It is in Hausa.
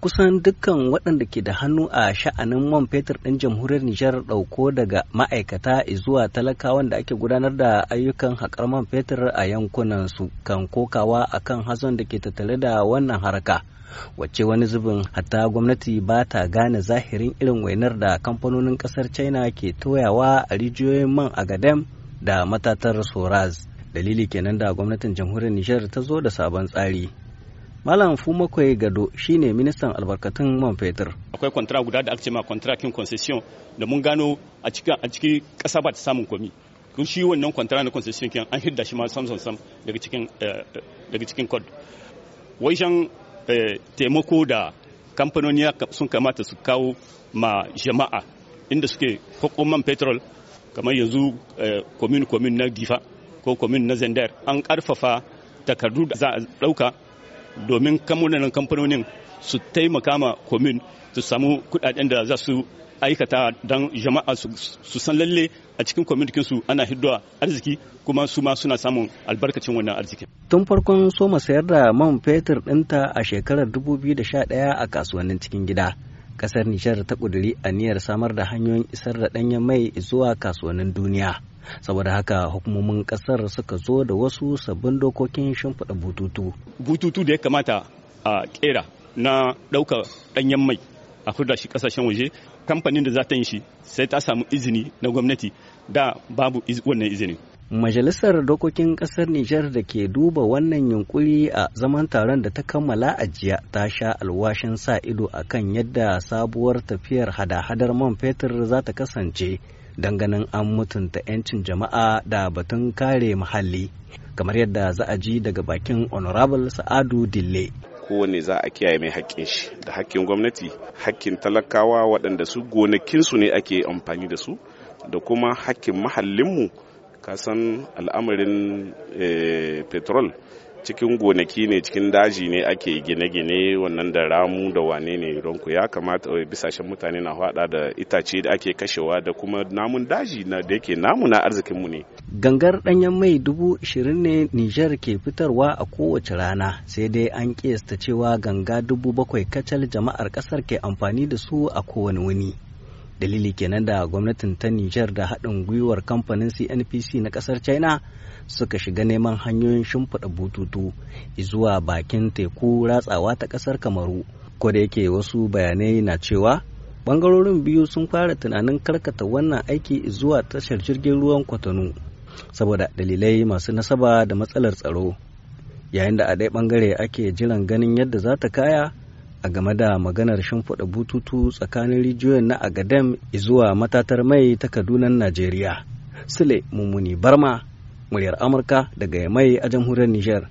kusan dukkan waɗanda ke da hannu a sha'anin man fetur ɗin jamhuriyar Nijar ɗauko daga ma'aikata zuwa talakawan da ake gudanar da ayyukan haƙar man fetur a yankunan su kan kokawa akan hazon da ke tattare da wannan harka wacce wani zubin hatta gwamnati ba ta gane zahirin irin wainar da kamfanonin ƙasar china ke toyawa a rijiyoyin man agadem da matatar soraz dalili kenan da gwamnatin jamhuriyar nijar ta zo da sabon tsari Malam makwai Gado shine ministan albarkatun man fetur. Akwai kwantara guda da aka ce ma kwantara kin concession da mun gano a cikin a cikin ƙasa ba ta samun komi. Kun shi wannan kwantara na concession kin an hidda shi ma sam sam sam daga cikin eh, daga cikin code. Wajen eh, taimako da kamfanoni sun kamata su kawo ma jama'a inda suke hukun man petrol kamar yanzu eh, komin komin na difa ko komin na zandar an karfafa takardu da za a ɗauka domin kamfanin kamfanonin su taimaka ma komin su samu kudaden da za su aikata don jama'a su san lalle a cikin kwamitin su ana hidduwa arziki kuma su ma suna samun albarkacin wannan arziki. Tun farkon soma sayar da man fetur dinta a shekarar 2011 a kasuwannin cikin gida. kasar Nijar ta a aniyar samar da hanyoyin isar da ɗanyen mai zuwa kasuwannin duniya. Saboda haka hukumomin kasar suka zo da wasu sabbin dokokin shimfiɗa bututu. Bututu da ya kamata a kera na ɗaukar ɗanyen mai a kurda shi kasashen waje kamfanin da za ta yi shi sai ta samu izini na gwamnati da babu wannan izinin. Majalisar Dokokin Ƙasar Nijar da ke duba wannan yunkuri a zaman taron da ta kammala a jiya ta sha alwashin sa ido a kan yadda sabuwar tafiyar hada-hadar man fetur za ta kasance ganin an mutunta 'yancin jama'a da batun kare muhalli, kamar yadda za a ji daga bakin Honorable Sa'adu Dille. kowane za a kiyaye mai haƙƙin shi da haƙƙin gwamnati haƙƙin talakawa waɗanda su gonakinsu ne ake amfani da su da kuma haƙƙin mahallinmu kasan al'amarin eh, petrol cikin gonaki ne cikin daji ne ake gine-gine wannan da ramu da wane ne ku ya kamata eh, bisashen mutane na hada da itace da ake kashewa da kuma namun daji na da yake namu na arzikinmu ne gangar danyen mai dubu ishirin ne nijar ke fitarwa a kowace rana sai dai an kiyasta cewa ganga dubu bakwai kacal jama'ar kasar ke amfani da su a kowane wuni dalili kenan da gwamnatin ta nijar da haɗin gwiwar kamfanin cnpc na ƙasar china suka shiga neman hanyoyin shimfiɗa bututu zuwa bakin teku ratsawa ta ƙasar kamaru ko da yake wasu bayanai na cewa ɓangarorin biyu sun fara tunanin karkata wannan aiki zuwa tashar jirgin ruwan kwatano saboda dalilai masu nasaba da matsalar tsaro yayin da a ɗaya ɓangare ake jiran ganin yadda za ta kaya a game da maganar shimfiɗa bututu tsakanin rijiyoyin na agadem zuwa matatar mai ta kadunan najeriya sule mummuni barma muryar amurka daga mai a jamhuriyar niger